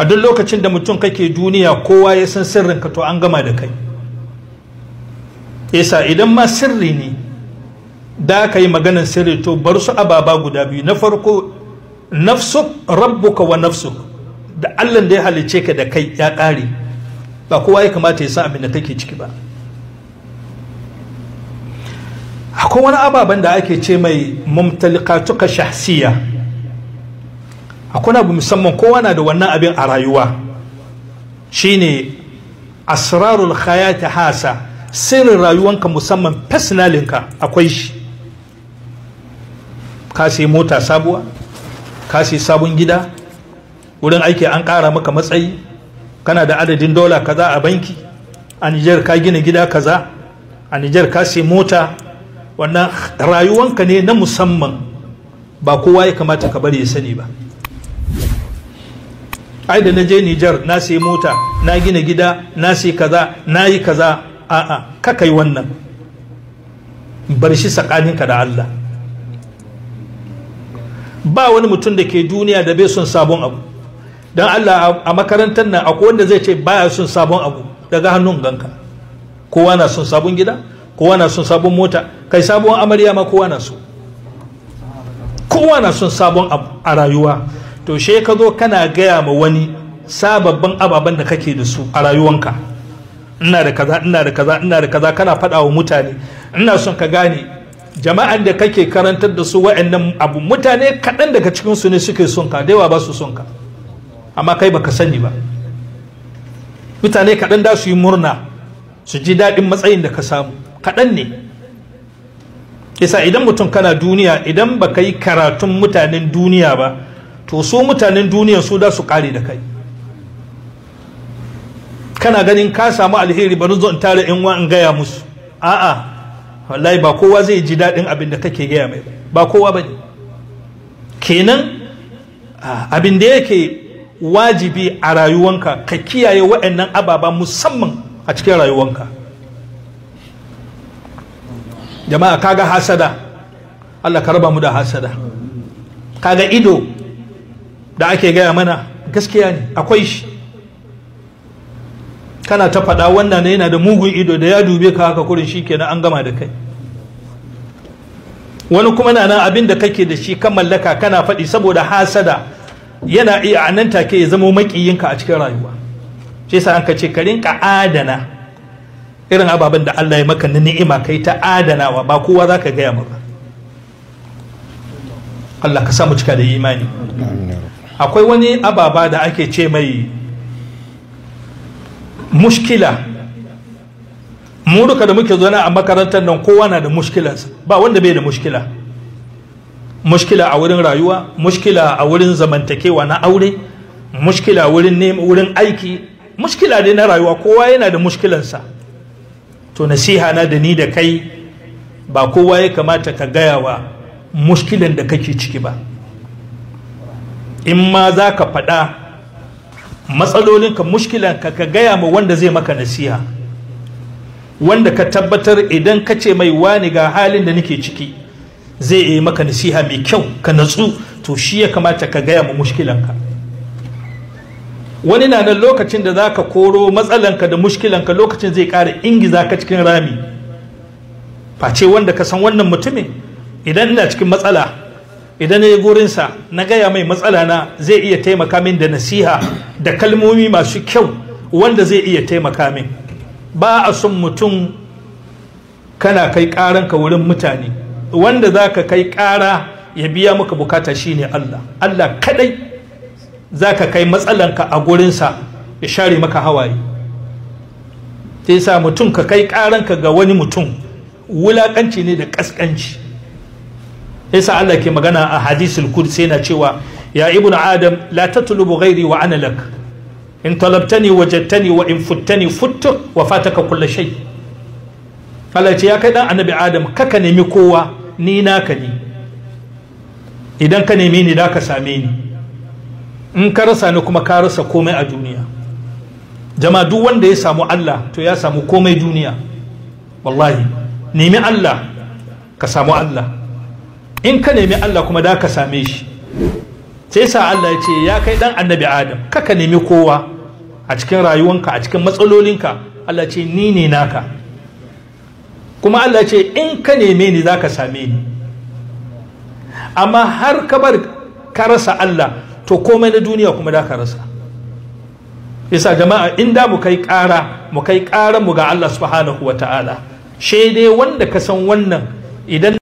a duk lokacin da mutum kake duniya kowa ya san sirrin ka to an gama da kai isa idan ma sirri ne da ka yi maganar sirri to bar su ababa guda biyu na farko nafsuk rabbuka wa nafsuk da allah da ya halice ka da kai ya ƙare ba kowa ya kamata ya san abin da kake ciki ba akwai wani ababen da ake ce mai mumtalikatuka shahsiya akwai abu musamman kowa na da wannan abin a rayuwa shine asrarul ta hasa sirrin rayuwanka musamman personalinka akwai shi ka sai mota sabuwa ka sai sabon gida wurin aiki an ƙara maka matsayi kana da adadin dola kaza a banki a nijar ka gina gida kaza a nijar ka sai mota wannan rayuwanka ne na musamman ba kowa ya kamata ka bari ya sani ba ai da na je Nijar na sai mota na gina gida na sai kaza na yi kaza a'a ka kai wannan bar shi tsakaninka da Allah ba wani mutum da ke duniya da bai son sabon abu don Allah a makarantar nan akwai wanda zai ce baya son sabon abu daga hannun ganka kowa na son sabon gida kowa na son sabon mota kai sabon amarya ma kowa na so kowa na son sabon abu a rayuwa to she ka zo kana gaya ma wani sababbin ababen da kake da su a rayuwanka ina da kaza ina da kaza ina da kaza kana faɗa wa mutane ina son ka gane jama'an da kake karantar da su wa'annan abu mutane kaɗan daga cikin su ne suke son ka da yawa ba su son ka amma kai baka sani ba mutane kaɗan da su yi murna su ji daɗin matsayin da ka samu kaɗan ne yasa idan mutum kana duniya idan baka yi karatun mutanen duniya ba to su mutanen duniya su da su kare da kai kana ganin ka samu alheri bari zo in tare in wa in gaya musu a'a wallahi ba kowa zai ji daɗin abin da kake gaya mai ba kowa ba kenan abin da yake wajibi a rayuwanka ka kiyaye waɗannan ababa musamman a cikin rayuwanka jama'a kaga hasada Allah ka raba mu da hasada kaga ido da ake gaya mana gaskiya ne akwai shi kana ta faɗa wannan yana da mugun ido da ya dube ka haka kurin shi kenan an gama da kai wani kuma na abin da kake da shi kan mallaka kana faɗi saboda hasada yana iya anan take ya zama makiyinka a cikin rayuwa shi yasa an ka ce ka rinka adana irin ababen da Allah ya maka na ni'ima kai ta adanawa ba kowa za ka gaya maka Allah ka samu cika da imani akwai wani ababa da ake ce mai mushkila mu da muke zona a makarantar nan kowa na da mushkilarsa ba wanda bai da mushkila mushkila a wurin rayuwa mushkila a wurin zamantakewa na aure mushkila wurin wurin aiki mushkila ne na rayuwa kowa yana da mushkilansa to nasiha na da ni da kai ba kowa ya kamata ka gaya wa mushkilan da kake ciki ba in ma za ka faɗa matsalolinka mushkilanka ka gaya ma wanda zai maka nasiha wanda ka tabbatar idan ka ce mai wani ga halin da nake ciki zai yi maka nasiha mai kyau ka natsu to shi ya kamata ka gaya ma mushkilanka wani na nan lokacin da za ka koro matsalanka da mushkilanka lokacin zai ƙara ingiza ka cikin rami face wanda ka san wannan mutumin idan ina cikin matsala idan ya gurinsa na gaya mai matsala na zai iya taimaka min da nasiha da kalmomi masu kyau wanda zai iya taimaka min ba a son mutum kana kai ƙaranka wurin mutane wanda za ka kai kara ya biya maka bukata shine Allah Allah kadai za ka kai matsalanka a gurinsa ya share maka hawaye sai sa mutum ka kai karanka ga wani mutum wulakanci ne da kaskanci yasa Allah ke magana a hadisul kursi yana cewa ya ibnu adam la tatlubu ghairi wa ana lak in talabtani wajadtani wa in futtani futtu wa fataka kullu shay Allah ce ya kai dan annabi adam kaka nemi kowa ni naka ne idan ka nemi ni da ka same ni in ka rasa ni kuma ka rasa komai a duniya jama'a duk wanda ya samu Allah to ya samu komai duniya wallahi nemi Allah ka samu Allah in ka nemi Allah kuma da ka same shi sai sa Allah ya ce ya kai dan annabi Adam kaka nemi kowa a cikin rayuwanka a cikin matsalolinka Allah ce ni ne naka kuma Allah ce in ka neme ni za ka same ni amma har ka bar ka rasa Allah to komai na duniya kuma da ka rasa yasa jama'a in da mu kai ƙara mu kai kara mu ga Allah subhanahu wa ta'ala dai wanda ka san wannan idan